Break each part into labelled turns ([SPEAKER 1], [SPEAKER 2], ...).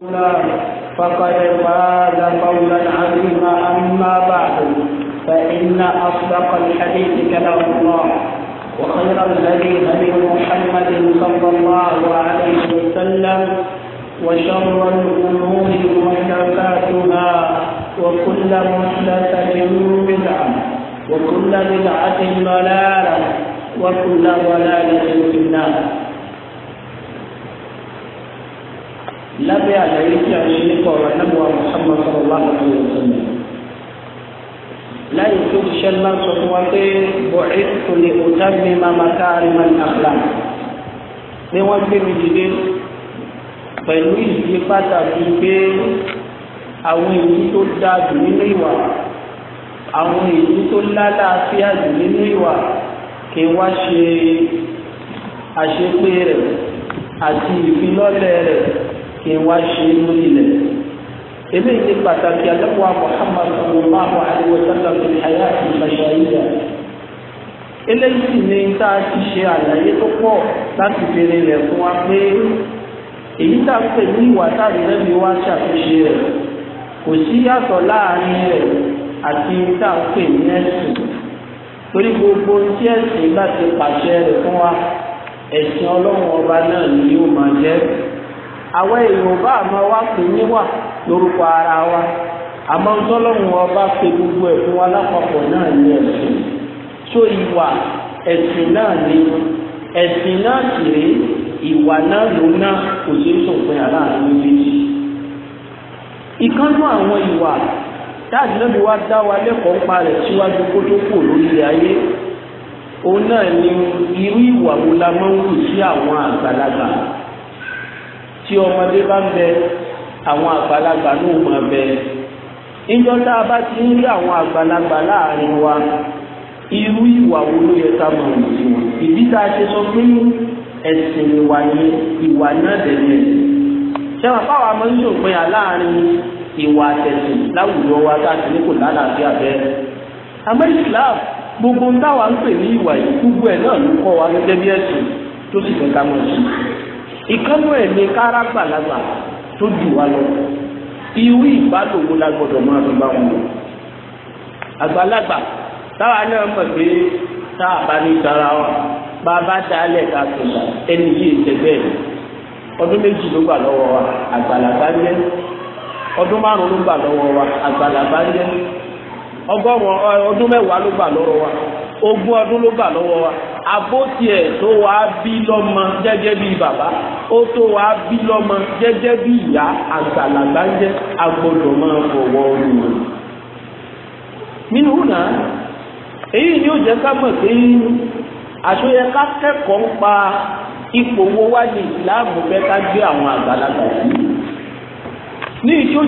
[SPEAKER 1] فقد قال قولا عظيما اما بعد فان اصدق الحديث كلام الله وخير
[SPEAKER 2] الذي هدي محمد صلى الله عليه وسلم وشر الامور محدثاتها وكل محدثه
[SPEAKER 1] بدعه وكل بدعه ضلاله وكل ضلاله في النار lábẹ́ àlàyé tí a ṣe nípa ọ̀rọ̀ anábọ̀ Muhammad sallallahu alaihi wasallam. láyé tó ṣiṣẹ́ ńlá sọ fún wa pé bọ̀ẹ́ tó lè ọ̀tá mi máa máa káàrí máa ní àfúlà. pé wọ́n gbé mi dìde pẹ̀lú ìdí pàtàkì pé àwọn èyí tó dáa jù nínú ìwà àwọn èyí tó lálàáfíà jù nínú ìwà kí wá ṣe àṣepé rẹ̀ àti ìfilọ́lẹ̀ rẹ̀ kí n wá ṣe lórí ilẹ̀ eléyìí ní pàtàkì alẹ́kùnwá Muhammad sallallahu alaihi wa sallam ní àyà ìfàṣàyíyà eléyìí sì ní tá a ti ṣe àlàyé tó pọ̀ láti béèrè rẹ̀ fún wa pé èyí tá a pè ní ìwà táàrí lẹ́nu wá ṣàtúnṣe rẹ̀ kò sí yàtọ̀ láàrin rẹ̀ àti tá a pè ní ẹ̀sìn torí gbogbo tí ẹ̀sìn bá ti pàṣẹ rẹ̀ fún wa ẹ̀sìn ọlọ́run ọba náà ni yóò máa jẹ́ àwọn èèyàn bá àmọ́ wá pè ní wà lórúkọ ara wa àmọ́ ńlọ́lọ́run ọba pe gbogbo ẹ̀ fún wa lápapọ̀ náà ní ẹ̀sìn tó ìwà ẹ̀sìn náà ní ẹ̀sìn náà sì rí ìwà náà ló ná kò sí sòpin aláàánú méjì. ìkánú àwọn ìwà táàdì náà bí wá dá wa lẹ́kọ̀ọ́ ń parẹ̀ síwájú kó tó kù lórílẹ̀ ayé òun náà ni irú ìwà wo la máa ń wù sí àwọn àgbàlagbà. tí ọmọdé bá ń bẹ
[SPEAKER 2] àwọn àgbàlagbà ló mọ̀ bẹ
[SPEAKER 1] tá a bá ti ń rí àwọn àgbàlagbà wa irú ìwà wo ló yẹ ká máa wù sí wọn ìdí tá a ṣe sọ pé ẹ̀sìn ìwà yẹn ìwà náà dẹ̀dẹ̀ ṣé fáwọn ìwà àtẹ̀sìn láwùjọ wa tá a ti ní kò lálàáfíà bẹ́ẹ̀ gbogbo ń ń pè ní ìwà yìí gbogbo ẹ̀ náà ló kọ́ ìkánú ẹ̀ ní kára tó jù wá lọ ìbálòwò máa bá wọn àgbàlagbà táwa náà mọ̀ pé a bá ní tara wa bá a bá dálẹ̀ ká la ẹni yìí ṣe bẹ́ẹ̀ ọdún méjì ló gbà lọ́wọ́ wa àgbàlagbà ń yẹ ọdún márùn ló gbà lọ́wọ́ wa àgbàlagbà ń yẹ ọgọ́rùn ọdún wa ogún ọdún ló gbà lọ́wọ́ wa àbótiẹ̀ tó wà á bí lọ́mọ jẹ́jẹ́ bí bàbá ó tó wà bí lọ́mọ jẹ́jẹ́ bí ìyá àgbàlagbà ń jẹ́ agbọ́dọ̀ máa fọwọ́ orí wọn. nínú hùnà èyí ni jẹ́ pé àṣọyẹ ká kẹ́kọ̀ọ́ ń pa ipò wá ní fẹ́ ká gbé àwọn àgbàlagbà ní ìṣó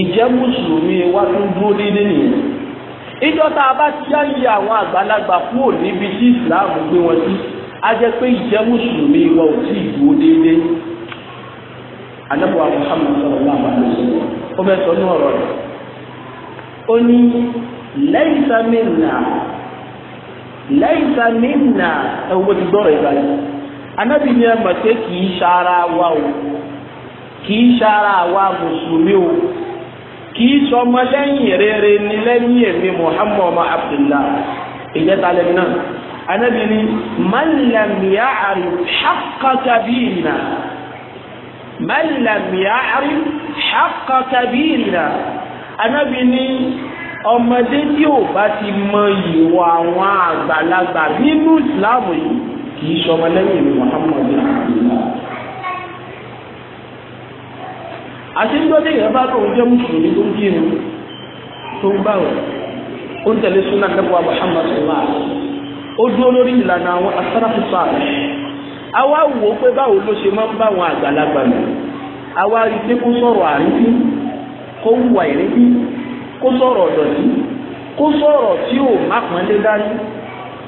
[SPEAKER 1] ìjẹ́ mùsùlùmí wa tó dúró dédé nìyẹn ìjọ tá a bá ti yá àwọn àgbàlagbà kúrò níbi islam gbé wọn sí a jẹ pé ìjẹ́ mùsùlùmí wa ò tí ì dúró dédé anabuwa muhammad sallallahu alaihi wa sallam ó bẹ sọ ní ọ̀rọ̀ rẹ̀ ó ní anabi ni ẹ mọ̀ o kì í wa o. kìí sọmọ lẹ́yìn rere ni lẹ́yìn èmi muhammadu abdullah ìjẹta lẹ́yìn náà anabi ni man lam ya'rif haqqa kabirina man lam ya'rif haqqa kabirina anabi ni ọmọdé tí ò bá ti mọ ìwà àwọn àgbàlagbà nínú islam yìí kìí sọmọ lẹ́yìn èmi muhammadu àṣíjọ́dé yẹn bá tó ń jẹ́ mùsùlùmí tó ń bí irun tó ń báwọn ó ń tẹ̀lé súnà nẹ́bùwà Muhammad sọ̀rọ̀ ó dúró lórí ìlànà àwọn asáràfù sáàrì àwa wò ó pé báwo ló ṣe máa ń báwọn àgbàlagbà mi àwa rí pé kó sọ̀rọ̀ àrífín kó wùwà ìrífín kó sọ̀rọ̀ ọ̀dọ̀tí kó sọ̀rọ̀ tí ò má pọ́n lé dání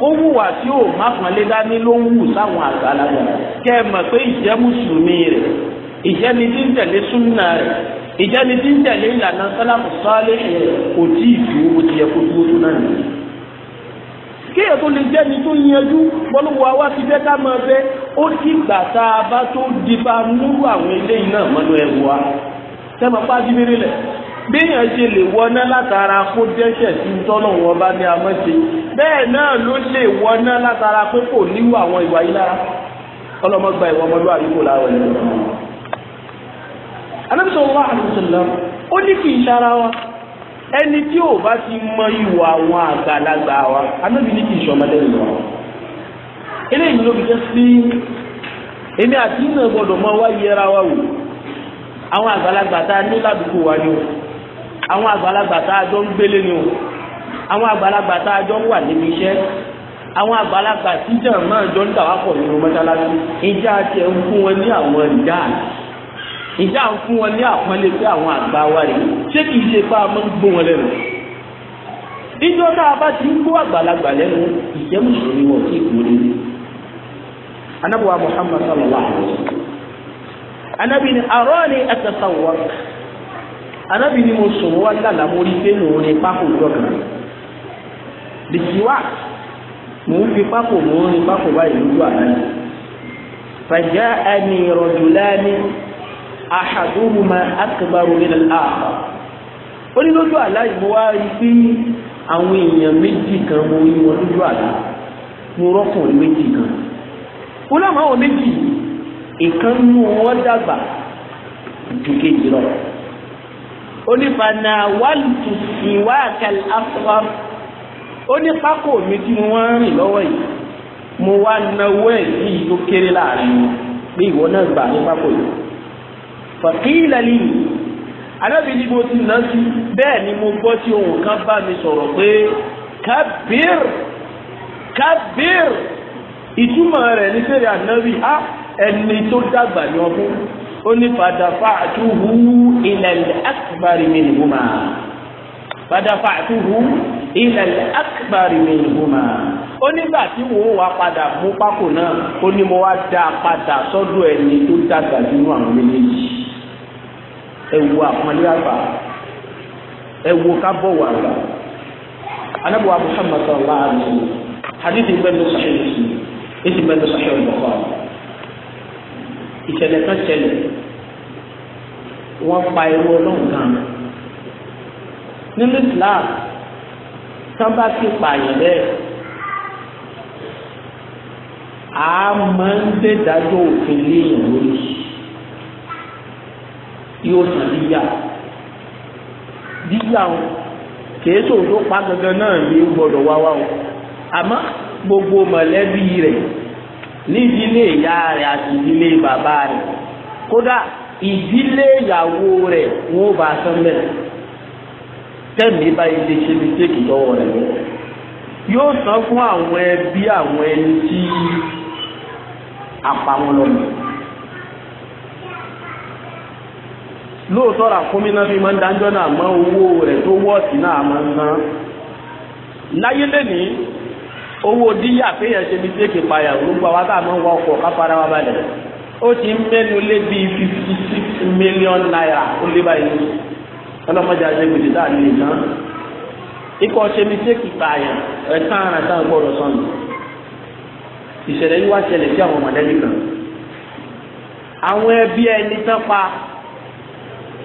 [SPEAKER 1] kó wùwà tí ò má pọ́n lé dání ló ń wù sáwọn àgbàlagbà kẹ́ ẹ mọ̀ pé ìjẹ́ mùsùlùmí rẹ̀ ìjẹni tí ń tẹ̀lé súnà rẹ̀ ìjẹni tí ń tẹ̀lé ìlànà sálàmù sálẹ̀ rẹ̀ kò tí ì dúró bó ti yẹ kó dúró tó náà nìyí. kéèyàn tó lè jẹ́ni tó yanjú bọ́lúwa wá ti fẹ́ ká máa fẹ́ ó ti gbà tá a bá tó di bá múrú àwọn eléyìí náà mọ́nú ẹ̀ wá sẹ́mi apá adìmírí lẹ̀ béèyàn ṣe lè wọná látara kó dẹ́ṣẹ̀ tí tọ́nà wọn bá ní amọ́ṣe bẹ́ẹ̀ náà ló lè wọná látara pé kò níwò àwọn ìwà yìí lára ọlọ́mọgbà ìwà ọmọlúwàbí kò láwọn ẹ̀ lọ́wọ́. Ànábì sallallahu alaihi wasallam ó ní kì í ṣara wa ẹni tí ò bá ti mọ ìwà àwọn àgbàlagbà wa Ànábì ní kì í ṣọmọdé ìlú wa eléyìí ló fi jẹ́ sí èmi àti ìnà gbọ́dọ̀ mọ wá yẹra wa wò àwọn àgbàlagbà tá a ní ládùúgbò wa ni o àwọn àgbàlagbà tá a jọ ń gbélé ni o àwọn àgbàlagbà tá a jọ ń wà níbi iṣẹ́ àwọn àgbàlagbà tíjà náà jọ ń dà pọ̀ nínú mọ́ṣáláṣí ìjà tiẹ̀ ń fún wọn ní àwọn ìjà àti ìjà ń fún wọn ní àpọ́nlé pé àwọn àgbà wa rèé ṣé kìí ṣe bá a máa ń gbó wọn lẹ́nu ìjọ tá a bá ti ń gbó àgbàlagbà lẹ́nu ìjẹ́ mùsùlùmí wọn kì í kú ní. anábùwà Muhammad sallallahu alayhi wa sallam anábì ni àrọ́ ni ẹ̀sẹ̀sàwọ́ anábì ni mo sùn wá lálà mo rí pé mò ń rin pákó dọ́kà bìtìwá mò ń fi pákó mò ń rin pákó báyìí lójú àná fàjá ẹni rọ̀jùlá ni ahaduhuma akbaru min al-akhar ó ní lójú àlá yìí mo wá rí pé àwọn èèyàn méjì kan mo rí wọn lójú àlá mo rọ́kùnrin méjì kan wọn làwọn àwọn méjì ìkan nú wọn dàgbà ju kejì lọ ó ní fana wàlùtù ìwà àkàlẹ àfọwà ó ní pákó mi tí mo wá ń rìn lọ́wọ́ yìí mo wá náwó ẹ̀ sí ìlú kéré láàrin pé ìwọ náà gbà ní pákó yìí fàkílẹ̀ lì anábì ní mo ti nà sí bẹ́ẹ̀ ni mo gbọ́ tí ohun kan bá mi sọ̀rọ̀ pé kábír kábír ìtumọ̀ rẹ̀ ní fèrè ànábì á ẹni tó dàgbà ní ọdún ó ní fàdàfà àtúhù akbari mìnìhùmá fàdàfà àtúhù akbari mìnìhùmá ó nígbà tí mò ń padà mú pákó náà ó ní mo wá dá padà sọ́dọ̀ ẹni tó dàgbà nínú àwọn méjèèjì ẹ wo àpọ́nlé àgbà ẹ wo kábọ̀wọ̀ àgbà anábọ̀ Muhammad sallallahu alaihi wasallam hadith ìgbẹ́nu sahih muslim èsì ìgbẹ́nu sahih bukhari ìṣẹ̀lẹ̀ kan ṣẹlẹ̀ wọ́n pa irú ọlọ́run kan nínú Islam tán bá ti pààyàn bẹ́ẹ̀ a máa ń gbé dájọ́ òfin léèyàn lórí. yóò san díyà ya o kìí sòwò tó pa gangan náà ní gbọ́dọ̀ wá wá o àmọ́ gbogbo mọ̀lẹ́bí rẹ̀ nídìílé ìyá rẹ̀ àti ìdílé bàbá rẹ̀ kódà ìdílé ìyàwó rẹ̀ wọn ò bá san bẹ́ẹ̀ tẹmí báyìí ṣe lọ yóò fún àwọn ẹbí lóòótọ́ ra fún mi náà fi máa ń dájọ́ náà mọ owó rẹ̀ tó wọ́ọ̀tì náà máa ń ná. láyé lẹ́nìí owó díyà péyàn ṣe bí payà gbogbo tá a máa ń wọ ọkọ̀ wa balẹ̀ ó ti mẹ́nu lé bíi fifty six naira ó lé báyìí ọlọ́mọdé dáa lè ná. ikọ̀ ṣe bí payà gbọ́dọ̀ sọnù. ìṣẹ̀lẹ̀ yìí wá ṣẹlẹ̀ sí àwọn mọ̀lẹ́bí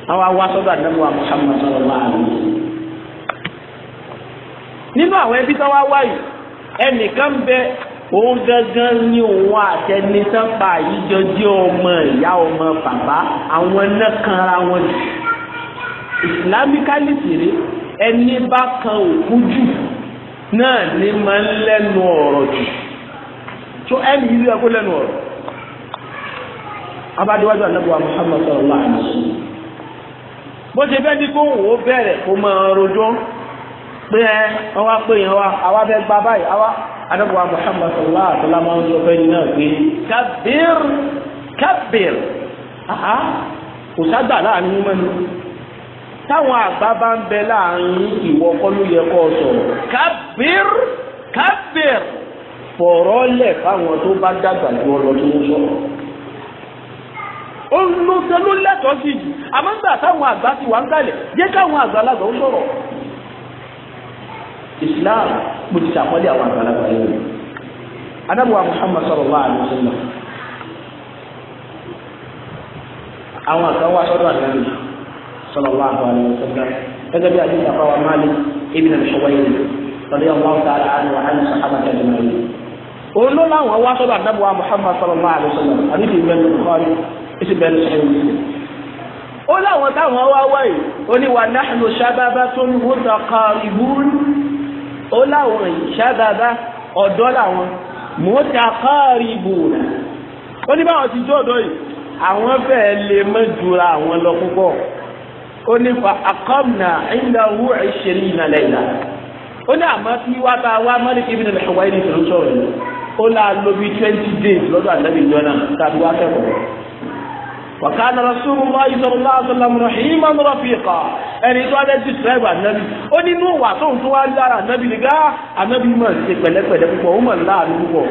[SPEAKER 1] àwọn awasọdọ anabiwa muhammad sallallahu alaihi wa sallam nínú àwọn ẹbí tó wá wáyé ẹnìkan bẹ òun gangan ní òun àtẹnisápà ìjọ jẹ ọmọ ìyá ọmọ bàbá àwọn náà kanra wọn jù islamically tèrè ẹni bá kan òkú jù náà ní máa ń lẹ́nu ọ̀rọ̀ jù tó ẹni yìí ló yẹ kó lẹ́nu ọ̀rọ̀ muhammad sallallahu alaihi wa sallam. bó ṣe fẹ́ bí kó wò ó bẹ̀rẹ̀ kó máa rojọ́ pé ẹ wọn wá pé yẹn wá àwa fẹ́ gba báyìí àwa máa ń sọ fẹ́ nínú ẹ̀gbẹ́ kábír kò ságbà láàrin mẹ́nu táwọn àgbà bá ń bẹ láàrin ìwọ kọ́ yẹ kó sọ̀rọ̀ kábír kábír fọ̀rọ̀ lẹ̀ fáwọn tó bá dàgbà ó ń lo gan ló lẹ́tọ̀ọ́ sí jù àmọ́ ń gbà táwọn àgbà ti wà ń kalẹ̀ jẹ́ káwọn àgbàlagbà ó sọ̀rọ̀ Islam mo ti sàpọ́lé àwọn àgbàlagbà yìí adábọ̀ Muhammad sallallahu alaihi wasallam àwọn àgbà wà sọ́dọ̀ àgbàlagbà sallallahu alaihi wasallam gẹ́gẹ́ bí àdéhùn àfáwà Malik ibn al-Huwayrith radiyallahu ta'ala anhu wa anhu sahabati ajma'in òun ló láwọn wá sọ́dọ̀ àdábọ̀ Muhammad sallallahu alaihi wasallam àdéhùn ìgbẹ́ni Bukhari ìṣe bẹ́ẹ̀ ló ṣe wù mí. ó láwọn táwọn wá wá yìí ó ní wa nahnu shababatun mutaqaribun ó láwọn ìṣàbàbà ọ̀dọ́ làwọn mutaqaribun ó ní báwọn ti jó ọ̀dọ́ yìí àwọn fẹ́ẹ́ lè mọ́ àwọn lọ púpọ̀ ó ní fa aqamna indahu ishirina layla ó ní àmọ́ tí wá bá wá Malik ibn al-Huwayrith ní ìṣòro sọ̀rọ̀ yìí ó là lóbi twenty days lọ́dọ̀ àdàbí ìjọ náà tàbí wá kẹ́kọ̀ọ́. وكان رسول الله صلى الله عليه وسلم رحيما رفيقا ẹni tó adé ti sẹ́wà nábì ó ní inú wà tóun tó wá lára nábì nígbà ànábì mọ̀ ṣe pẹ̀lẹ́pẹ̀lẹ́ púpọ̀ ó mọ̀ láàánú púpọ̀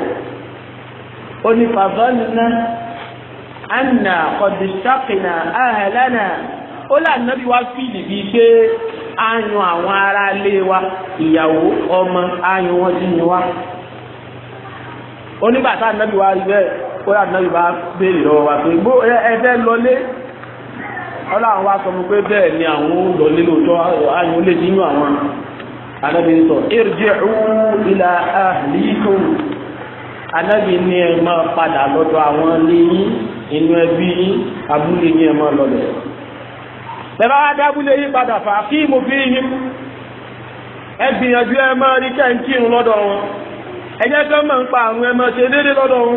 [SPEAKER 1] ó ní fàbọ́nìna anna kọ̀dùsákìnà ahẹ́lẹ́nà ó là nábì wá fíìlì bíi pé á yan àwọn ará ilé wa ìyàwó ọmọ á yan wọn sí ni wá onígbà tá ànábì wa rí bẹ́ẹ̀ ó yà ànábì bá béèrè lọ́wọ́ wa pé bó ẹ fẹ́ lọlé ọlọ́run wa sọ fún pé bẹ́ẹ̀ ni àwọn ó lọlé lóòótọ́ àyàn ó lè nínú àwọn ànábì sọ irji'u ila ahlikum ànábì ni ẹ máa padà lọ́dọ̀ àwọn léyìn inú ẹbí abúlé ni ẹ máa lọlẹ̀ tẹ́lá adábúlé yí padà fà kí mo fi yín ẹ gbìyànjú ẹ máa rí kẹ́ńtì lọ́dọ̀ wọn ẹjẹ́ kan máa ń pa àrùn ẹmọ ṣe déédéé lọ́dọ̀ wọn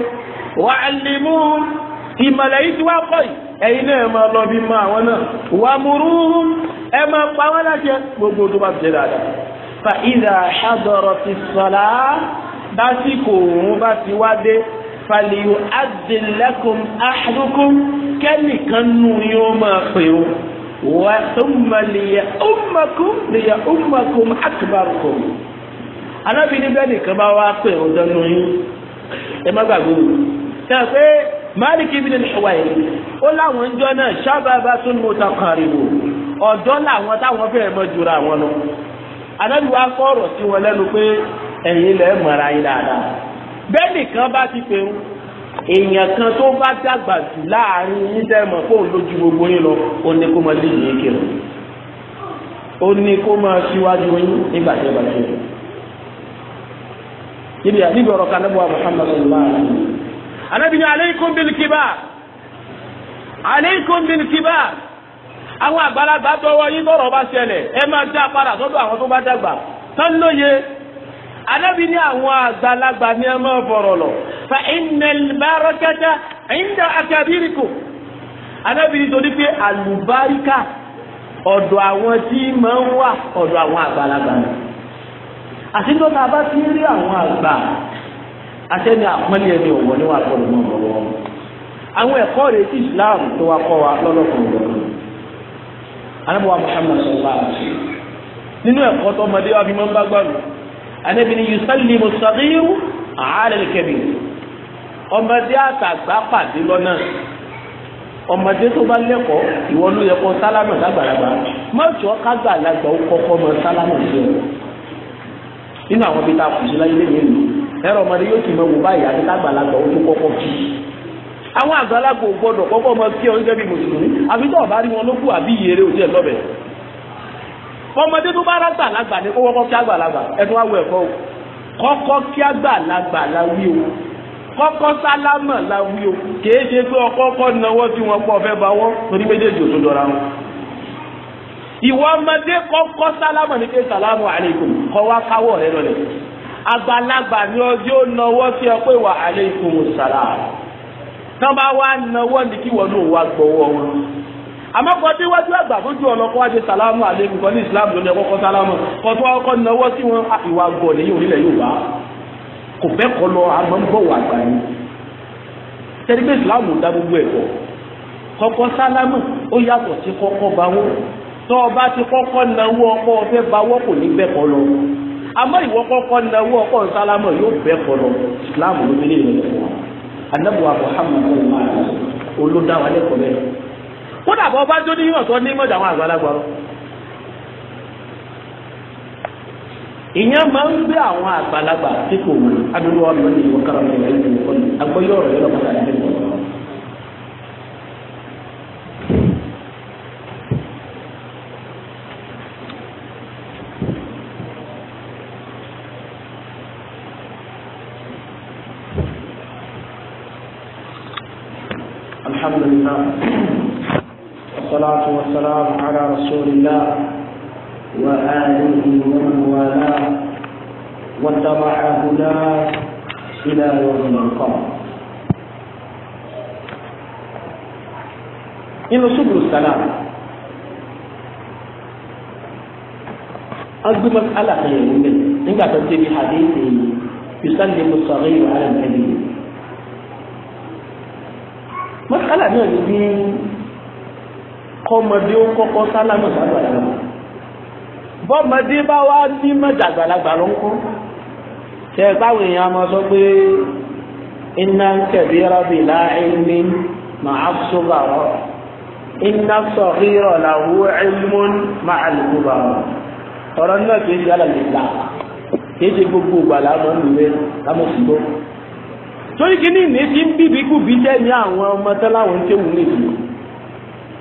[SPEAKER 1] wà á lè mú ìmọ̀lẹ̀ yìí tí wàá pọ̀ yìí ẹ̀yin náà ẹ máa lọ bí mọ àwọn náà wà múrú ẹ pa wọn láṣẹ gbogbo tó bá ṣe dáadáa. fa ìdá ṣàdọ̀rọ̀ ti sọ̀lá básìkò òun bá ti wá dé fàlìyù adìlẹ́kùn àdúkùn kẹ́nìkan nù yóò máa pè ó wà ó mọ̀ lìyà ó mọ̀ kùn lìyà ó mọ̀ kùn àkùbárùkùn anábì níbẹ̀ nìkan bá wá pè ọ́ dánú yín ẹ má gbàgbé o ṣe pé máàlìkì ibi nínú ìwà yìí ó láwọn jọ náà ṣábàbà tó ń mọta kàrìbò ọ̀dọ́ làwọn táwọn fẹ́ẹ́ mọ jura àwọn lọ anábì wá kọ́ ọ̀rọ̀ sí wọn lẹ́nu pé ẹ̀yin lẹ́ mọ̀ra yín dáadáa bẹ́ẹ̀ nìkan bá ti pè ń èèyàn kan tó bá dàgbà jù láàrin yín dẹ́mọ̀ fóun lójú gbogbo yín lọ ó ní kó máa lè yín kiri ó ní kó máa síwájú yín nígbà ibi àdìbò ọ̀rọ̀ kan níbo Muhammad sallallahu alayhi wa sallam. anabi ni aleikum bil kibar aleikum bil kibar àwọn àgbàlagbà dọwọ́ yín lọ́rọ̀ bá ṣẹlẹ̀ ẹ máa dá padà sọ́dọ̀ àwọn tó bá dàgbà tán lóye anabi ni àwọn àgbàlagbà ni ẹ máa fọ̀rọ̀ lọ fa innal barakata inda akabirikum anabi ni torí pé àlùbáríkà ọ̀dọ̀ àwọn tí máa ń wà ọ̀dọ̀ àwọn àgbàlagbà náà àti tó ta bá ti rí àwọn àgbà àtẹni àpọ́nlé ẹni ọ̀wọ́ ni wàá kọ́ lọ́wọ́ lọ́wọ́ àwọn ẹ̀kọ́ rẹ̀ ti Islam tó wá kọ́ wa lọ́lọ́kùnrin lọ́wọ́
[SPEAKER 2] anábọ̀wá Muhammad sọ̀rọ̀ àti
[SPEAKER 1] nínú ẹ̀kọ́ tó ọmọdé wa fi máa ń bá gbàgbọ́ anábì ni yusallimu saghiru ala al-kabir ọmọdé àtàgbà pàdé lọ́nà ọmọdé tó bá lẹ́kọ̀ọ́ ìwọ ló yẹ kó sálámà lágbàlagbà má jọ kágbàlagbà ó kọ́kọ́ mọ sálámà sí ọ nínú àwọn ibi tá a kù sí láyé lẹ́yìn èlò ọmọdé yóò ti mọ wò báyìí àti lágbàlagbà ó tó kọkọ kí àwọn àgbàlagbà ò ọmọ kí ọ gẹ́gẹ́ mùsùlùmí tó rí wọn ló àbí ìyèrè ọmọdé tó bá kí àgbàlagbà awọ o kọ́kọ́ kí àgbàlagbà la wí o kọ́kọ́ sálámà la wí o kèé pé ọkọ́ kọ́ náwó tí ìwọ ọmọdé kọ́kọ́ sálámà ní pé sàlámù aleikum kọ́ wá káwọ́ rẹ lọ́lẹ̀ àgbàlagbà ni ọjọ́ náwó sí ọ pé wà aleikum sàlám tán bá wá náwó ní kí wọn náà wá gbọ́wọ́ wọn àmọ́ kọ́ bí wájú àgbà fojú ọ̀nà kọ́ wá ṣe sàlámù aleikum kọ́ ní islam lónìí ọkọ̀ sálámù kọ́ tó wá kọ́ náwó sí wọn ìwà gbọ̀ ní orílẹ̀ Yorùbá kò bẹ́ẹ̀ kọ́ lọ àmọ́ ń bọ̀ wà gbà yín tẹ́lifíṣ kọ́kọ́ sálámù ó yàtọ̀ sí kọ́kọ́ bá tó ọba ti kọ́kọ́ náwó ọkọ ọfẹ́ báwọ́ kò ní bẹ́ẹ̀ kọ́ lọ àmọ́ ìwọ kọ́kọ́ ọkọ nsálámọ̀ yóò bẹ́ẹ̀ kọ́ lọ Islam ló fi lè fún wa anabuwa Muhammadu olùdáwà lẹ́kọ̀ọ́ kódà bọ́ ní ní àgbàlagbà lọ. ìyẹn máa ń gbé àwọn àgbàlagbà tí kò wù adúlọ́wọ́ mi ní ìwọ kára mi رسول الله وآله ومن والاه واتبع هداه إلى يوم القيامة. إن سبل السلام أجل مسألة خير إن إنك في حديث يسلم الصغير على الكبير مسألة من الدين kọ́mọdé ó kọ́kọ́ sálámù sàgbàlagbà bọ́mọdé bá wá ní mọ̀jàgbàlagbà ló ń kọ́ tẹ báwo èèyàn máa sọ pé iná ń kẹ̀bí rọ́bì láìní màá sọ́gàrọ́ iná sọ̀rọ̀ làwọ̀ ẹ̀mún máa lùkùbà ọ̀rọ̀ náà kìí ṣe alàlèlà kìí ṣe gbogbo ìgbàlá mọ́ nìyẹn lámọ̀síbọ̀ torí kí ní ìní ń bíbí kú bí jẹ́ ní àwọn ọmọ tẹ́láwọn tẹ́wù nìyí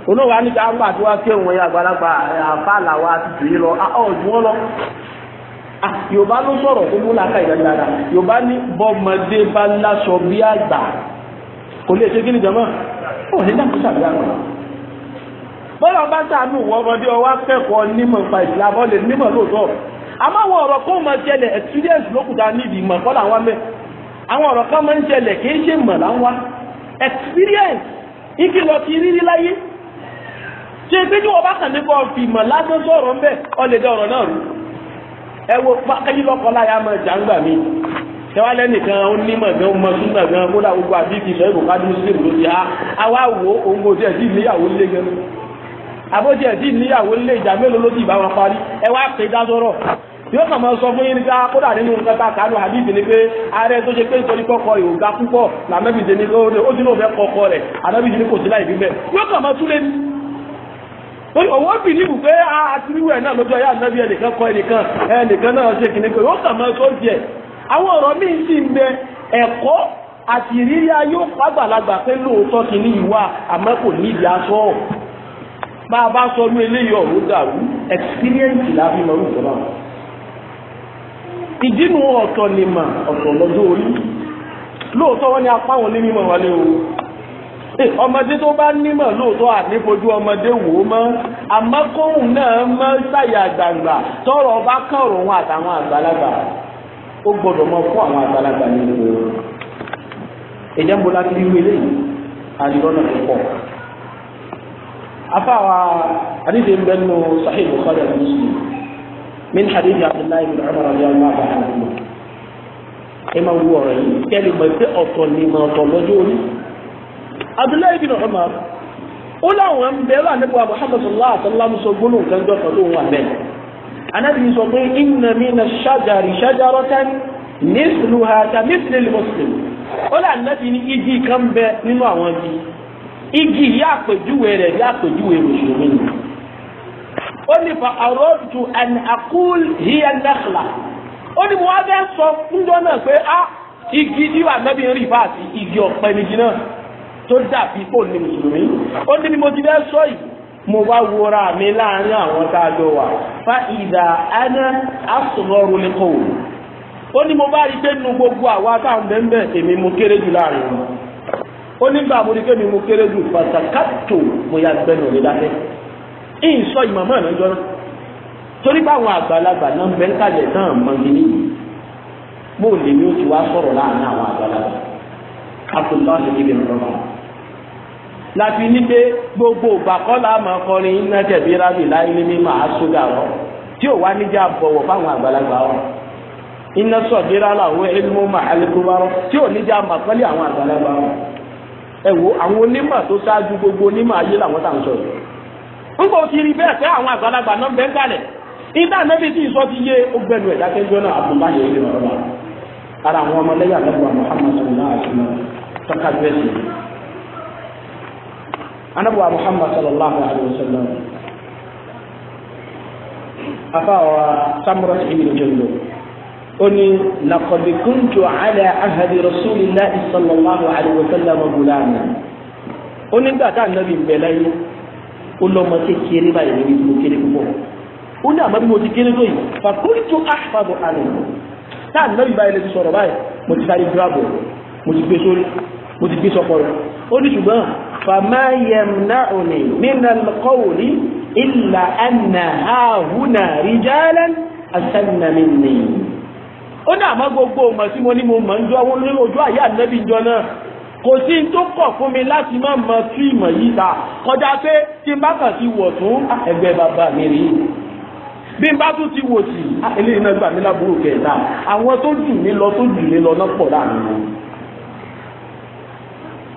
[SPEAKER 1] olówó anìjà àgbà tí wọ́n kéwọn ya àgbàlagbà àfa làwọn àti tìyí lọ ọ ju wọn lọ. yorùbá ló sọ̀rọ̀ tó mú làákà ìdájọ́ ara yorùbá ní bọ́mọdé bá kò lè ṣe kí ni jọmọ́ ọ̀ ní dàkúṣà bí àgbà bọ́lá ọba sàánú wọ ọmọdé ọwọ́ akẹ́kọ̀ọ́ nímọ̀ nípa ìsìlámù àwọn kó máa àwọn máa ń kì í ṣe pé ní wọ́n bá kàn ní kọ́ lásán sọ̀rọ̀ ń bẹ̀ ọ lè dẹ ọ̀rọ̀ náà rú ẹ wo pákẹ́jì lọ́kọ láyà máa jà ń gbà mí ó gan mọ súnmọ̀ gan kó dà gbogbo àbíkì sọ ká dúró àwa wo òun kò tiẹ̀ sí níyàwó gan sí níyàwó ìjà mélòó ló ti bá wọn parí ẹ wá pè dá sọ̀rọ̀ yóò kàn máa sọ fún yín nínú nǹkan a kàánú ni pé ààrẹ tó ṣe pé nítorí kọkọ púpọ̀ owó bì ní ibùgbé àtìrìwò ẹ̀ náà lójú ayé ànábì ẹnìkan kọ ẹnìkan ẹnìkan náà ṣe kìnnì pé ó kàn máa tó jẹ àwọn ọ̀rọ̀ míì sì ń bẹ ẹ̀kọ́ àti ìrírí ayé àgbàlagbà pé lóòótọ́ kìíní ìwà àmọ́ kò ní ìdí aṣọ bá a bá sọ ní eléyìí ọ̀rọ̀ dàrú experience la fi mọ̀ nígbà náà ìdínú ọ̀tọ̀ ni mà ọ̀tọ̀ lọ́jọ́ orí lóòótọ́ wọn ni apá wọn ní mímọ̀ wálé o ọmọdé tó bá nímọ̀ lóòótọ́ ànífojú ọmọdé wò ó mọ́ náà mọ́ sáyà tọrọ ọba kọrọ òun àtàwọn àgbàlagbà ó gbọdọ̀ mọ fún àwọn àgbàlagbà nínú ẹ̀rọ ẹ̀jẹ̀ ń bọ́lá kí wíwé lẹ́yìn àdìrọ́nà tó pọ̀ afáwa àdìdè ń nù Muslim min hadith Abdullahi bin Umar ẹ máa wú yìí pé ni orí. abdullahi bin umar ó láwọn ń bẹ̀rù àdébùwà muhammad sallallahu alaihi wa sallam sọ gbólóhùn kan jọ pẹ̀lú òun àbẹ̀ anabi sọ pé inna mina ṣájàrì ṣájàrọ́tán nísìlúha ta nísìlẹ̀ muslim ó là nàbí ní igi kan bẹ nínú àwọn igi igi yá àpèjúwe rẹ̀ yá àpèjúwe mùsùlùmí ni ó ní fa àròjù an aqul hiya nakhla ó ní mo wá fẹ́ sọ fúnjọ náà pé ah igi tí wà nàbí ń rí fáàtì igi ọ̀pẹ nìjì náà tó dàbí kò ní mùsùlùmí ó ní bí mo ti fẹ́ sọ yìí mo wá wúra mi láàrin àwọn tá a jọ wà fa ìdá aná asghurul qawl ó ní mo bá rí pé nu gbogbo àwa táwọn bẹ́ẹ̀ bẹ́ẹ̀ èmi mo kéré jù láàrin wọn ó nígbà mo rí pé mi mo kéré jù pàtàkàtò mo yà gbẹnu mi lábẹ́ ìyìn sọ ìmọ̀mọ́ náà jọ náà torí báwọn àgbàlagbà náà bẹ́ẹ̀ náà mọ́gi níyì bóòlù ni ó ti wá sọ̀rọ̀ láàrin àwọn àgbàlagbà Abdullahi ibn Umar láti ní pé gbogbo ìgbàkọ́lá máa kọrin iná tẹ̀bí rábì láì ní mímọ́ àásódà wọn tí ò wá níjà bọ̀wọ̀ fáwọn àgbàlagbà wọn iná sọ̀dírà làwọn ẹlmú màálùkúbárọ̀ tí ò níjà màkọ́lé àwọn àgbàlagbà ẹ gbogbo onímọ̀ ayé làwọn tà ń sọ yìí ń kiri bẹ́ẹ̀ pé àwọn àgbàlagbà náà bẹ́ẹ̀ kalẹ̀ iná tí ìsọ ti yé ọgbẹ́nu ẹ̀dá kẹjọ náà àbúbáyé ìlú ọ̀rọ̀ ara àwọn náà anabuwa muhammad sallallahu alaihi wasallam afawa samurat ibn jundub ó ní laqad kuntu ala ahadi rasulillahi sallallahu alaihi wasallam gulama ó ní gbàtà anabi mbẹlẹ yìí ó lọmọ kékeré báyìí níbi tí mo kéré púpọ̀ ó ní àmọ́ bí mo ti kéré tó yìí fa kuntu ahfadu àná tá anabi báyìí lè ti sọ̀rọ̀ báyìí mo ti sáré gíráàbù mo ti gbé mo ti gbé sọpọ̀ rẹ̀ فما يمنعني من القول إلا أن ها هنا رجالا أسن مني ó ní àmọ́ gbogbo ọmọ tí mo ní mo mọ̀ ń jọ wọn lórí ojú àyà nẹ́bí jọ náà kò sí tó kọ̀ fún mi láti má mọ fíìmù yìí ta kọjá pé tí n bá kàn sí wọ̀ tún ẹgbẹ́ bàbá mi rí bí n bá tún ti wò sí eléyìí náà gbà mí lábúrò kẹta àwọn tó jù mí lọ tó jù mí lọ náà pọ̀ láàrin wọn.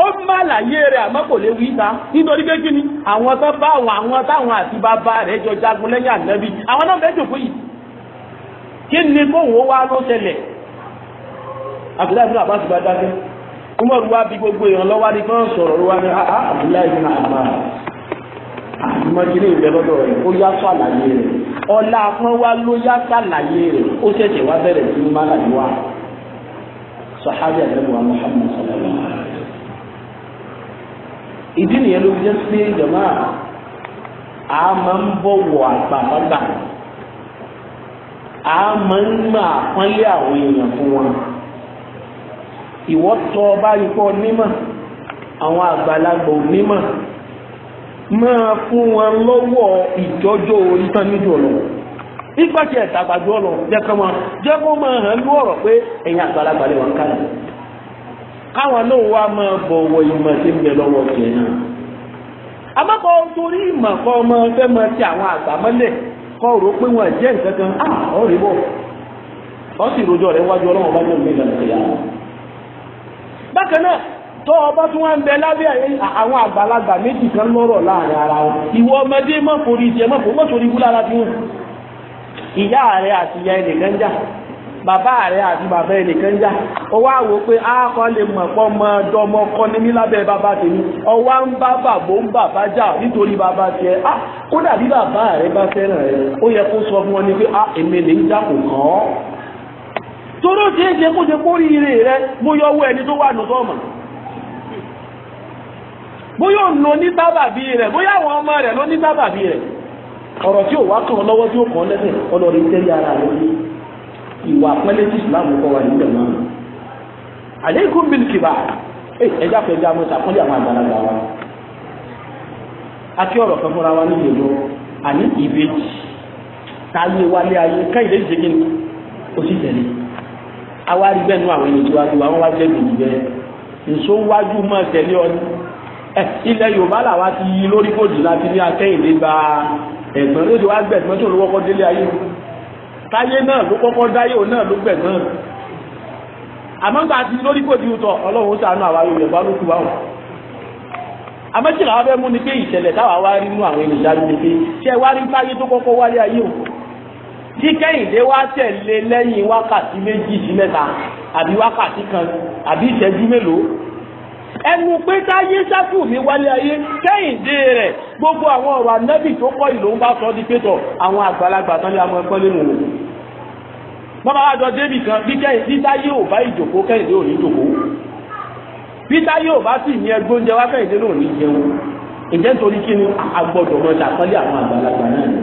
[SPEAKER 1] ó má rẹ rẹ̀ àmọ́ kò lè wí ta nítorí pé kí ni àwọn tó bá àwọn àwọn táwọn àti bàbá jọ jagun lẹ́yìn ànábì àwọn náà bẹ́ẹ̀ jòkó yìí kí ni kóhùn wá ló ṣẹlẹ̀ bá wá bí gbogbo èèyàn lọ́wọ́ ni kán sọ̀rọ̀ ló wá ní ah, ah, Abdullahi bin Abbas lọ́dọ̀ rẹ̀ ó yá sàlàyé rẹ̀ ọlá kan wá ló yá rẹ̀ ó ṣẹ̀ṣẹ̀ wá bẹ̀rẹ̀ sí ní ìdí nìyẹn ló fi jẹ́ pé jọ̀mọ́ a máa ń bọ̀wọ̀ a máa ń gbà pọ́nlé àwọn èèyàn fún wọn ìwọ tọ ọba ikọ̀ nímọ̀ àwọn àgbàlagbà máa fún wọn lọ́wọ́ ìjọ́jọ́ orí tán nídìí ọ̀rọ̀ nígbà ẹ̀ta gbàgbọ́ ma jẹ́ kọ́ máa hàn ní ọ̀rọ̀ pé ẹ̀yin àgbàlagbà lè kálẹ̀. káwọn náà wá máa bọ̀wọ̀ ìmọ̀ tí ń bẹ lọ́wọ́ tiẹ̀ náà amákọ̀ torí ìmọ̀ kọ́ ọmọ fẹ́ máa ti àwọn àgbà kọ́ rò pé wọ́n jẹ́ nǹkan kan á ah, ọ̀ rí bọ̀ sì rojọ́ wájú bá bákan náà tó ọba tí wọ́n ń bẹ lábẹ́ àwọn àgbàlagbà kan lọ́rọ̀ láàrin ara wọn ìwọ ọmọdé forí bàbá rẹ àti bàbá ẹnìkan já ó wá wò pé a kọ́ lè mọ̀ pọ́ mọ dọ́mọ bàbá tèmi ọwá ń bá bàbó ń bàbá jà nítorí bàbá tiẹ̀ a kódà bí bàbá rẹ bá fẹ́ràn rẹ ó yẹ kó sọ fún ọ pé èmi lè ń já kò kàn ṣe é ṣe kó ṣe ire rẹ mo yọ owó ẹni tó wà nù bóyá ní sábàbí bóyá àwọn ọmọ ló ní sábàbí ọ̀rọ̀ ìwà pẹ́lẹ́ tí islam kọ́ wa nígbà náà aleikum bil kibar ẹja fẹ́ ẹja mọ́ta kọ́lé àwọn àgbàlagbà wa àti ọ̀rọ̀ kan fúnra wa níbi èlò àní ìbejì táyé wálé ayé káyìlẹ́ ìṣègùn ó sì tẹ̀lé àwa rí bẹ́ẹ̀ nú àwọn ènìyàn tí wàá tó àwọn wá jẹ́ bìbì bẹ́ẹ̀ nso wájú mọ́ tẹ̀lé ọ ilẹ̀ yorùbá làwa ti yí lórí kóòdù láti ní akẹ́yìnlé gba ẹ̀gbọ́n lóde wá gbẹ̀gbọ́n tó lówó kọ́ délé ayé wọn táyé náà ló kọ́kọ́ dáyé òun náà ló gbẹ̀ náà àmọ́ nígbà tí lórí kò di utọ̀ ọlọ́run sànú àwa yorùbá ló kú báwọn àmọ́tí làwọn fẹ́ mú ni pé ìṣẹ̀lẹ̀ táwa wá rí nú àwọn ènìyàn ní pé ṣé wá rí táyé tó kọ́kọ́ wálé ayé o tí kẹ́hìndé wá tẹ̀lé lẹ́yìn wákàtí méjì sí mẹ́ta àbí wákàtí kan àbí ìṣẹ́jú mélòó ẹnu pé táyé sáfù mi wálé ayé kẹ́hìndé rẹ̀ gbogbo àwọn ọ̀rọ̀ ànábì tó kọ́ ìlú ń bá sọ di pétọ̀ àwọn àgbàlagbà tán lé amọ̀ ẹ̀kọ́ lẹ́nu òun bọ́bá wa jọ débì kan bí kẹ́yìn títa yóò bá ìjòkó kẹ́yìn ló ní ìjòkó títa yóò bá sì ní ẹgbẹ́ oúnjẹ wá kẹ́yìn ló ní jẹun ìjẹ́ nítorí kí ni agbọ́dọ̀ mọ ṣàkọ́lé àwọn àgbàlagbà náà ni.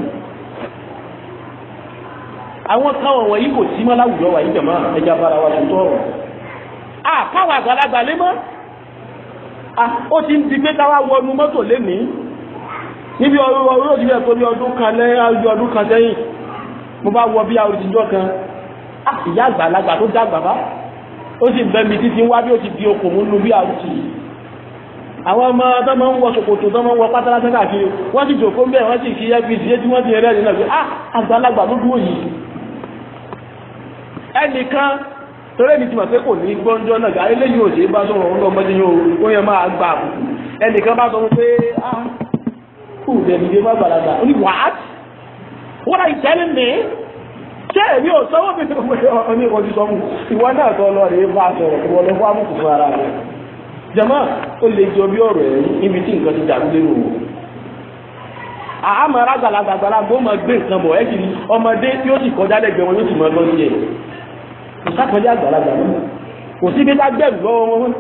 [SPEAKER 1] àwọn kan wọ̀n wọ̀nyí kò sí mọ́ láwùjọ wa yìí jẹ̀mọ́ ẹja bára wa tó tọ̀rọ̀ à káwọn àgbàlagbà lé mọ́ ó ti ń di pé káwá wọnú mọ́tò lénìí níbi ọ̀rọ̀ orí òjìlẹ̀ tó bí ọdún kan lẹ́yìn mo bá wọ bí àwòrán ìjọ kan Ah, ìyá àgbàlagbà tó dá bàbá ó sì bẹ́mi títí wá bí ó ti di okòwò nínú bí àrùtì àwọn ọmọ tó máa ń wọ ṣòkòtò tó máa ń wọ pátálá tó káàkiri wọ́n sì jòkó mbẹ́ wọ́n sì kí apc tí wọ́n ti rẹ́ẹ̀dì náà pé ah àgbàlagbà ló dúró yìí ẹnìkan torí ẹni tí màá fẹ́ kò ní gbọ́njọ́ náà gàrí lẹ́yìn òṣèré bá sọ̀rọ̀ ọ̀hún lọ́mọdé yóò yẹn máa ah kù dẹ̀ nìyẹn má bàlágà ó ní what are you telling me ṣé èmi ò sọ́wọ́ mi ní òṣìṣọ́ mu ìwọ náà tọ́ lọ rèé bá sọ̀rọ̀ ìwọ ló fọ́ àmùkù fún ara rẹ̀ jama ó lè jọ bí ọ̀rọ̀ ẹ̀ níbi tí nǹkan ti dàrú lẹ́nu o àmàrà gbàlagbàgbàlà bó máa gbé nǹkan bọ̀ ẹ́ kiri ọmọdé yóò sì kọjá lẹ́gbẹ̀ẹ́ wọn yóò sì máa lọ sí ẹ̀ kò sákọjá àgbàlagbà
[SPEAKER 2] náà kò
[SPEAKER 1] sí bí lágbẹ̀rù lọ́wọ́ wọn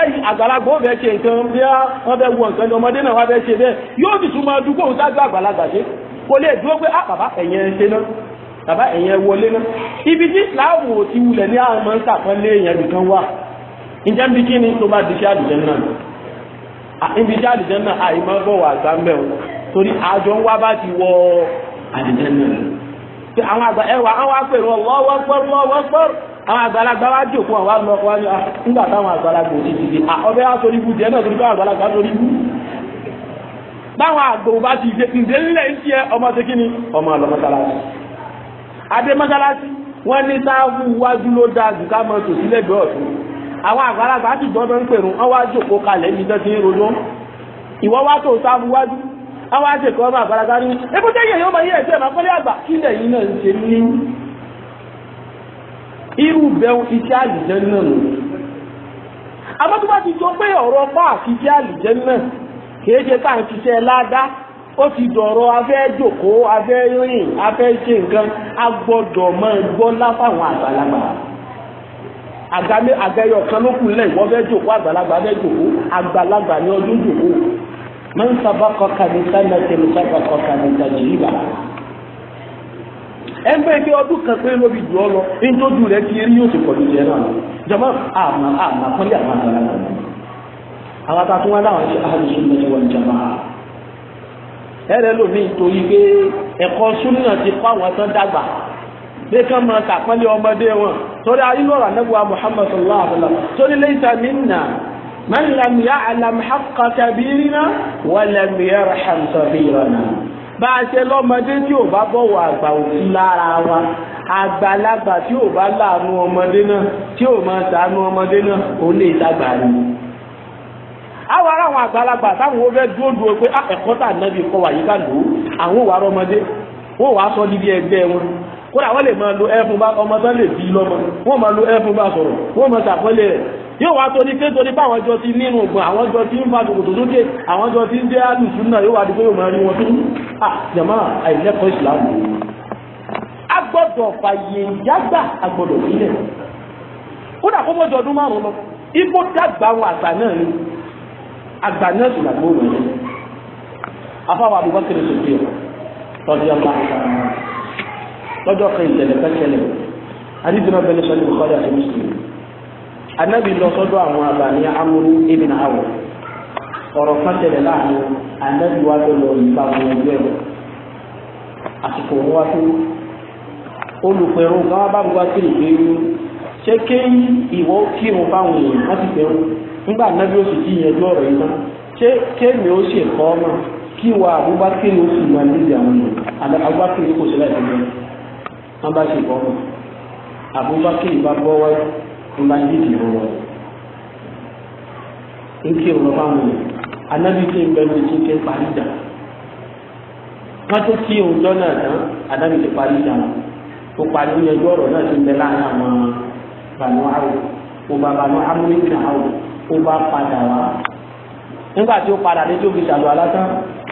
[SPEAKER 1] ẹ̀yìn àgbàlagbà ó fẹ́ ṣe nǹkan bí wọ́n fẹ́ wọ nǹkan ọmọdé náà wá fẹ́ ṣe bẹ́ẹ̀ yóò sì tún máa dúpọ̀ òun sáájú àgbàlagbà ṣe kò lè dúró pé ah bàbá ẹ̀yẹn ṣe náà bàbá ẹ̀yẹn wọlé náà ibi tí ìsìláàmù ò ti wulẹ̀ ní àwọn ọmọ ń sàpọ́nlé èèyàn nìkan wà ǹjẹ́ bí kí ni tó bá di sí àlùjẹ́ náà ibi tí àlùjẹ́ náà àìmọ́ bọ̀ wà sáńbẹ̀ o torí àjọ ń wá bá ti wọ àlùjẹ́ náà pé àwọn àgbà ẹwà àwọn apèrò lọ́wọ́ pọ́n lọ́wọ́ pọ́n àwọn àgbàlagbà wá jòkó àwọn àgbàlagbà wá ní ah, àgbàlagbà ò ti ti di ọbẹ̀ àgbàlagbà sórí báwọn àgbò bá ti ṣe ọmọ ṣe ọmọ àlọ́ mọ́sálásí adé mọ́sálásí wọ́n ní sáfù wájú ló dáa jù ká mọ tòsí lẹ́gbẹ̀ẹ́ ọ̀tún àwọn àgbàlagbà ti gbọ́n ń pèrún wọ́n wá kalẹ̀ ti ronú ìwọ́ wá tó sáfù wájú wá ọmọ àgbàlagbà ní ebúté yẹ̀ yóò mọ máa kìí ṣe ká ń ṣiṣẹ́ ládá ó ti dọ̀rọ̀ afẹ́ jòkó afẹ́ nǹkan a gbọ́dọ̀ máa gbọ́ láfàwọn àgbàlagbà àgbàmé àgbẹyọ kan ló wọ́n fẹ́ jòkó àgbàlagbà àgbàlagbà ni ọdún jòkó máa ń sábà kọ́ kàní sábà tẹ̀lé sábà kọ́ kàní tàjì yíba ẹgbẹ́ ibi ọdún kan pé lóbi jù ọ lọ nítorí rẹ ti rí yóò ti pọ̀ náà jọba àmà àmà ẹrẹ lómi nítorí pé ẹ̀kọ́ súnà ti kọ́ àwọn tán dàgbà bí kán máa tàpọ́nlé ọmọdé wọn torí inú ọ̀rọ̀ anábùwà Muhammad sallallahu alaihi wa sallam torí laysa minna man lam ya'lam haqqa kabirina wa lam yarham saghirana bá a ṣe lọ́mọdé tí ò bá bọ̀wọ̀ àgbà òsì lára wa àgbàlagbà tí ò bá láàánú ọmọdé náà tí ò máa ṣàánú ọmọdé náà ó lè lágbàá ni àwọn ará àwọn àgbàlagbà táwọn ó fẹ́ dúró dúró pé ah, ẹ̀kọ́ tà nàbì kọ́ wà yìí ká lò ó àwọn òwà ọmọdé wọ́n wàá sọ níbi ẹgbẹ́ wọn kódà wọ́n lè máa lo ẹ̀fún bá ọmọ tán lè bí lọ́mọ wọ́n máa lo ẹ̀fún bá sọ̀rọ̀ wọ́n máa sàpọ́lẹ̀ rẹ̀ yóò wá tó ní pé torí pé àwọn jọ ti nínú ọgbọ̀n àwọn jọ ti ń fa tòkòtò sókè àwọn jọ ti ń dé àlùsùn náà yóò wá di pé yóò máa rí wọn tó à ah, jàmá àìlẹ́kọ̀ọ́ ìsìlámù a gbọ́dọ̀ fàyè ìyágbà a gbọ́dọ̀ sílẹ̀ kódà kó mọ́jọ ọdún márùn-ún lọ ibo dàgbà àwọn àgbà náà ni àgbà náà sì gbàgbọ́ òun yẹn afáwọn Abubakar sèké tọ́jú ọba lọ́jọ́ kan ìṣẹ̀lẹ̀ kẹ́kẹ́lẹ̀ adídúná bẹ́lẹ̀ sọ́ni Bukhari àti Muslim anabi lọ sọ́dọ̀ àwọn àgbà ní amúrú ibn awọ ọ̀rọ̀ kan ṣẹlẹ̀ láàrin anabi wa bẹ lọ ìgbà wọn ojú ẹ̀ àsìkò wọn wá tó olùpẹ̀rù kan wá bá Abubakar pé ṣé kéyìn ìwọ kírun fáwọn èèyàn wọ́n ti nígbà nábí ó sì ti yẹjú ọ̀rọ̀ yìí tán ṣé kéèmì wa abubakar ó sì máa níbi àwọn abubakar kò sí láti bẹ́ẹ̀ wọ́n bá ṣe kọ́ ọmọ abubakar bá bọ́ wáyé wọ́n bá ń dídì ọ̀rọ̀ ń kí ọ̀rọ̀ fáwọn tí ń ń parí ìjà tó kí òun náà tán ti parí ìjà ó parí ìyẹn ó bá padà wá nígbà tí ó padà dé tí ó fi ṣàlùwà lásán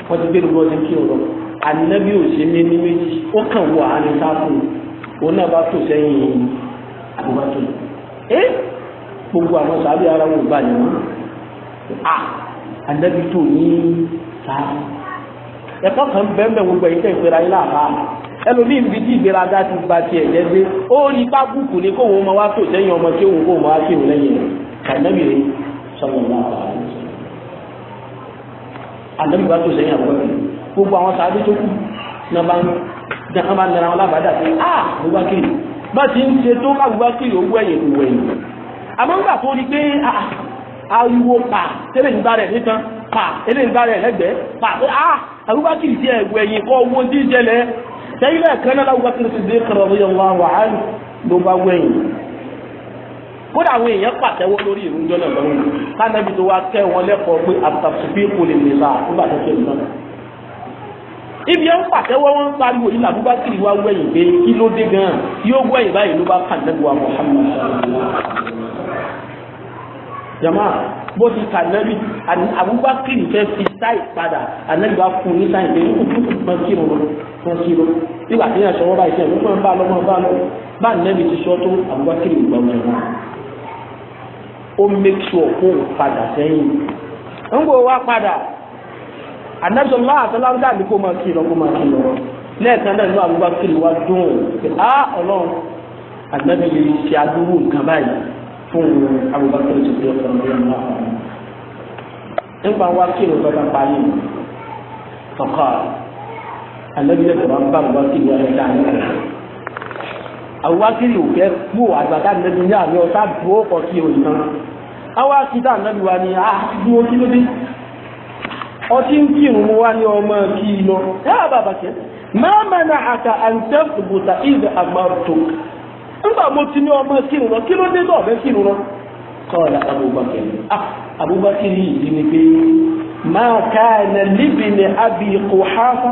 [SPEAKER 1] wọ́n ti gbé gbogbo ọdún kí o lọ ànábì ò ṣe ní ní méjì ó kàn wọ àárín sáfù òun náà bá tò sẹ́yìn àbúbátò ẹ gbogbo àwọn sàbí ara wò gbà yẹn a ànábì tò ní sáfù ẹ̀kọ́ kan bẹ́ẹ̀ gbogbo ẹ̀yìn tẹ̀ ìpera yín láàbá ẹlòmíì ń bi tí ìgbéraga ti gba tiẹ̀ jẹ́gbé ó rí pákúkù ní kóun ọmọ wa tò sẹ́yìn ọmọ tí òun kóun wá sí òun lẹ́yìn rẹ̀ ànábì sọlọ́lá àbáyé àdébí bá tó sẹ́yìn àwọn ọ̀gbìn gbogbo àwọn sàádé tó kù náà bá ń jẹ́ ọ́n bá ń nara wọn lábàdà pé a ah, Abubakar bá ti ń ṣe tó Abubakar owó ẹ̀yìn kò wẹ̀yìn àmọ́ ń gbà tó rí pé ah, ariwo pa tẹ́lẹ̀ ń bá rẹ̀ nítan pa tẹ́lẹ̀ ń bá rẹ̀ lẹ́gbẹ̀ẹ́ pa a ah, Abubakar ti ẹ̀wọ̀ ẹ̀yìn kọ́ owó díjẹ́lẹ̀ tẹ́lẹ̀ kan náà Abubakar ti dé kọ̀rọ̀ kódà àwọn èèyàn pàtẹ́wọ́ lórí ìrúnjọ́ náà lọ́wọ́ kánẹ́bí tó wá kẹ́ wọn lẹ́kọ̀ọ́ pé àtàkùnfí kò lè lè la nígbà tó ṣe ìlú náà. ibi ẹ̀ ń pàtẹ́wọ́ wọn ń pariwo yìí làbúgbà kiri wá wẹ̀yìn pé kí ló dé gan-an yóò wẹ̀yìn báyìí ló bá kàn nẹ́bí wa Muhammad. jama bó ti kà nẹ́bí àbúgbà kiri fẹ́ fi táì padà ànẹ́bí wa fún ní pé wọ́n kí bá lọ́mọ ti sọ tó àbúgbà kiri ìgbà wọn ó make sure kó o padà sẹ́yìn ń gbọ́ wá padà ànábìsọ̀ lọ́wọ́ àtọ́láńgá ni kó máa kí lọ kó máa kí lọ lẹ́ẹ̀kan náà ní àbúgbà kí lè wá dùn pé á ọlọ́run ànábì lè ṣe adúrú nǹkan báyìí fún
[SPEAKER 2] àbúgbà kí lè ṣe pé ọkọ̀ ọ̀rọ̀ náà
[SPEAKER 1] nípa wá kí lè bàbá parí ọkọ̀ ànábì lè bàbá bá àbúgbà kí lè wá dáa nípa àwùwákìrì ò mú àgbàdá nẹ́bí ní àmì ọ̀tá kọ̀ sí òyìn kan nẹ́bí wa ni a ah, ọtí ń ọmọ kí lọ yáà bàbá kẹ máa na àkà àǹtẹ́ ìdè ńgbà mo ti ní ọmọ lọ kí ló dé lọ kọ́ọ̀lá Abubakar ah Abubakar yìí ni pé máa ká na libi ni abi kò háfà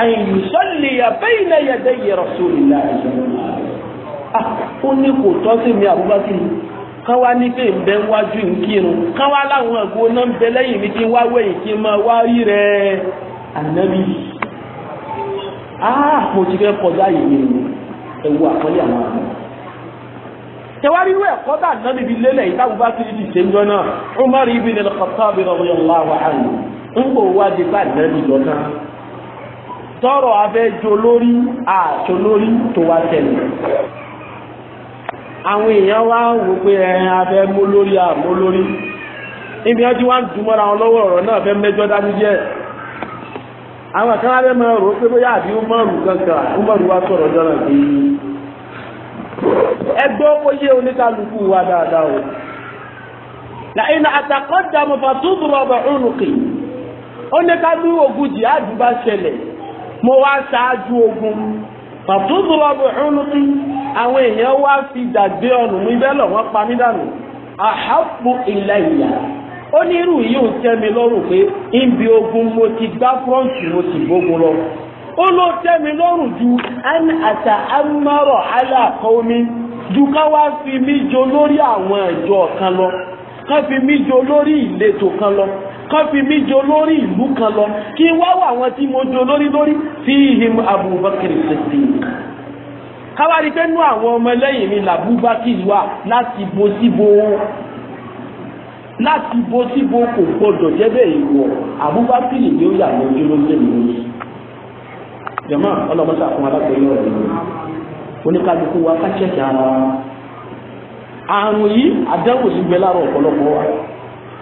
[SPEAKER 1] àyìn sọ́lì yà náà Ah, ó ní kò tọ́ sí mi Abubakar kán wá ní pé ń bẹ wájú ìkírun kán wá láwọn ẹ̀gbọ́n náà ń bẹ lẹ́yìn mi kí n wá wẹ̀yìn kí n máa wá rí rẹ ànábì áà ah, mo ti fẹ́ kọjá yìí ni ẹ̀wù àkọ́lé àwọn àmì tẹwárí irú ẹ̀kọ́ bá ànábì bíi lélẹ̀ yìí táwọn kiri ti ṣe ń jọ náà Umar ibn al-Khattab radiyallahu anhu ń bò wá di bá ànábì lọ náà tọrọ abẹ́jọ lórí àjọ lórí tó wá tẹ̀lé àwọn èèyàn wá wò pé ẹ̀hìn abẹ́ mú lórí àmú lórí ibi ọjí wá ń wọn lọ́wọ́ ọ̀rọ̀ náà fẹ́ mẹ́jọ́ dání díẹ̀ àwọn kan wá lẹ́mọ̀ rò pé bóyá àbí Umaru kankan Umaru wá sọ̀rọ̀ jọ́nà bí ẹgbẹ́ ó yé wa dáadáa o ònùkì ogun ṣẹlẹ̀ mo wá ṣáájú ogun ònùkì àwọn èèyàn wá fi dàgbé ọrùn mú ibẹ̀ lọ wọ́n pa mí dànù àhápò ilẹ̀ ìyá ó ní irú yìí ò tẹ́ mi lọ́rùn pé ibi ogun mo ti gbá fúrọ́ǹtì mo ti gbógun lọ ó ló tẹ́ mi lọ́rùn ju ẹni àtà amárọ̀ aláàkọ́ omi ju ká wá fi mí jo lórí àwọn ìjọ kan lọ ká fi mí jo lórí ìletò kan lọ ká fi mí jo lórí ìlú kan lọ kí wá wà àwọn tí mo jo lórí lórí fíhìm Abubakar Siddiq káwárí pé nú àwọn ọmọ lẹ́yìn mi làbúbákìrì wà láti bo síbo láti bo síbo kò gbọdọ̀ jẹ́ bẹ́ẹ̀ ìwọ̀ àbúbákìrì ni ó yà lójú ló lé mi lójú jọ̀mọ́ ọlọ́mọṣà fún alágbèéyọ̀ rẹ̀ oníkàlùkù wa ká ṣẹ̀ṣẹ̀ ara wa àrùn yìí àdánwò sí gbẹ ọ̀pọ̀lọpọ̀ wa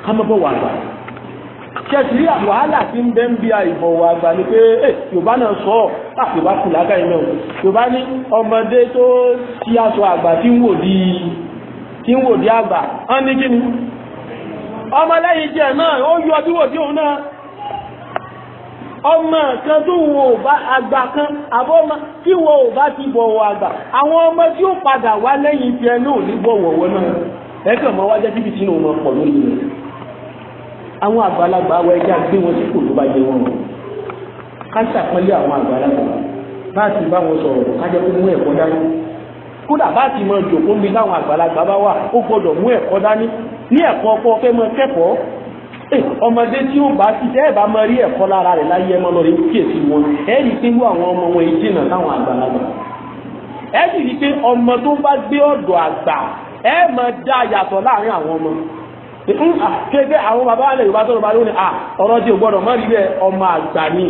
[SPEAKER 1] ká wà gbà ṣẹ̀sìrí wàhálà tí ń bẹ́ ń bí àìbọ̀wọ̀ àgbà ni pé yorùbá náà sọ ọ́ láti wá kù lágà iná o yorùbá ní ọmọdé tó ti aṣọ àgbà tí ń wò di tí ń wò di àgbà ọ́n ní kí ni ọmọ jẹ́ náà ó yọ bí wò di òun náà ọmọ kan tó wo àgbà kan àbọ̀ ọmọ tí wo ò bá ti bọ̀wọ̀ àgbà àwọn ọmọ tí ó padà wá lẹ́yìn tiẹ̀ náà ò ní bọ̀wọ̀ wọ náà ẹ̀kẹ́ àwọn àgbàlagbà wa ẹja gbé wọn sípò tó bá jẹ wọn o ká ṣàpọ́nlé àwọn àgbàlagbà bá a ti bá wọn sọ̀rọ̀ ká jẹ́ kó mú ẹ̀kọ́ dání kódà bá a ti mọ jòkó mi láwọn àgbàlagbà bá wà ó gbọ́dọ̀ mú ẹ̀kọ́ dání ní ẹ̀kọ́ ọkọ fẹ́ mọ kẹ́kọ̀ọ́ eh, ọmọdé tí ó bá ti tẹ́ẹ̀ bá mọ rí ẹ̀kọ́ lára rẹ̀ láyé ẹmọ lọ rẹ̀ kíyèsí wọn ẹ̀rí pé wọ́n ọmọ wọn ìdènà táwọn àgbàlagbà ẹ̀rí pé ọmọ tó bá gbé ọ̀dọ̀ àgbà ẹ̀ mọ dá yàtọ̀ láàrin àwọn ọmọ Hmm, ah, kéde àwọn bàbá alẹ́ yorùbá sọ̀rọ̀ bá lónìí à ah, ọ̀rọ̀ tí o gbọ́dọ̀ má rí bẹ́ẹ̀ ọmọ àgbà ni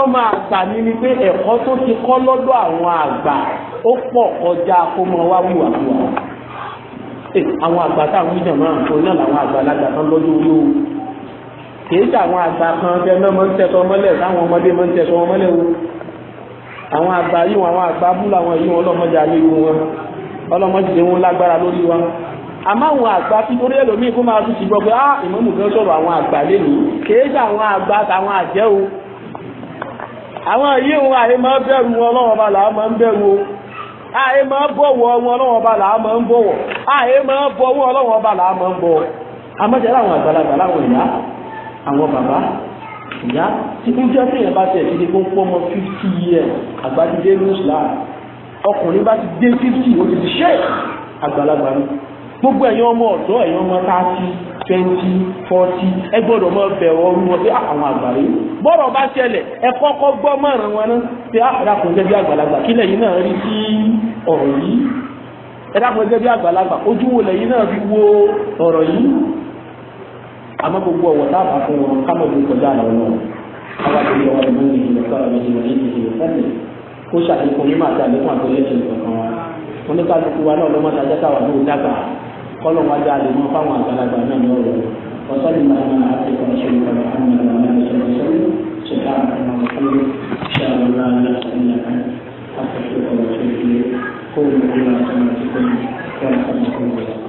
[SPEAKER 1] ọmọ àgbà ni ni pé ẹ̀kọ́ tó ti kọ́ lọ́dọ̀ àwọn àgbà ó pọ̀ kọjá kó mọ wá wíwà fún wa. àwọn àgbà tá àwọn ìjàmbá àǹfọ̀ náà làwọn àgbà alága kan lọ́jọ́ orí o kìí ṣe àwọn àgbà kan fẹ́ náà máa ń tẹ̀sọ́ mọ́lẹ̀ táwọn ọmọdé máa ń tẹ̀sọ́ mọ́lẹ̀ o àwọn àgbà yìí wọn àwọn àgbà búlọ̀ àwọn yìí wọn ọlọ́mọdé alẹ́ wọn ọlọ́mọdé wọn lágbára lórí wa àmọ́ àwọn àgbà tí orí ẹlòmíì kó máa tún ti gbọ́ pé á ah, ìmọ̀mù kan sọ̀rọ̀ àwọn àgbà lẹ́nu kìí ṣe àwọn àgbà àtàwọn àjẹ́ o àwọn yìí wọn àyè máa bẹ̀rù wọn lọ́wọ́ bá làá máa ń bẹ̀rù o àyè máa bọ̀wọ̀ wọn lọ́wọ́ bá làá máa ń bọ̀wọ̀ àyè máa bọ̀wọ̀ lọ́wọ́ bá làá máa ń bọ̀ amọ̀jẹ́ láwọn àgbàlagbà láwọn ìyá
[SPEAKER 2] àwọn bàbá ìyá tí
[SPEAKER 1] kú jẹ́ pé ìyẹn bá tẹ̀ sí kó ń pọ́ ọmọ fifty years àgbàdìdé ní Islam ọkùnrin bá ti dé fifty ó ti ṣe àgbàlagbà ni. gbogbo ẹ̀yin ọmọ ọ̀dọ́ ẹ̀yin ọmọ tààtì twenty forty ẹ gbọ́dọ̀ mọ bẹ̀wọ̀ wọn pé ah, àwọn àgbàrí bọ́rọ̀ bá ṣẹlẹ̀ ẹ kọ́kọ́ gbọ́ mọ̀ràn wọn náà pé àdàkùn ah, jẹ́ bí àgbàlagbà kílẹ̀ yìí náà rí sí ọ̀rọ̀ yìí wo lẹ́yìn náà fi wo ọ̀rọ̀ yìí àmọ́ gbogbo a fún wọn ká mọ̀ kọjá àwọn àwọn kọ́lọ̀ wájú àlùmọ́ fáwọn àgbàlagbà náà ní ọ̀rọ̀
[SPEAKER 2] ọ̀sọ́lì máa ń máa tẹ̀kọ́ ṣe ń bọ̀ láàmì àwọn ẹ̀ṣẹ̀ ìṣẹ́lẹ̀ ṣe ká àwọn ọ̀ṣun ṣe àwọn ọ̀la ìlànà àti ìṣẹ́kọ̀ọ́ ṣe kí kó o lè kó o lè sọ̀rọ̀ sí kò ní kí wọ́n sọ̀rọ̀ sí kò ní.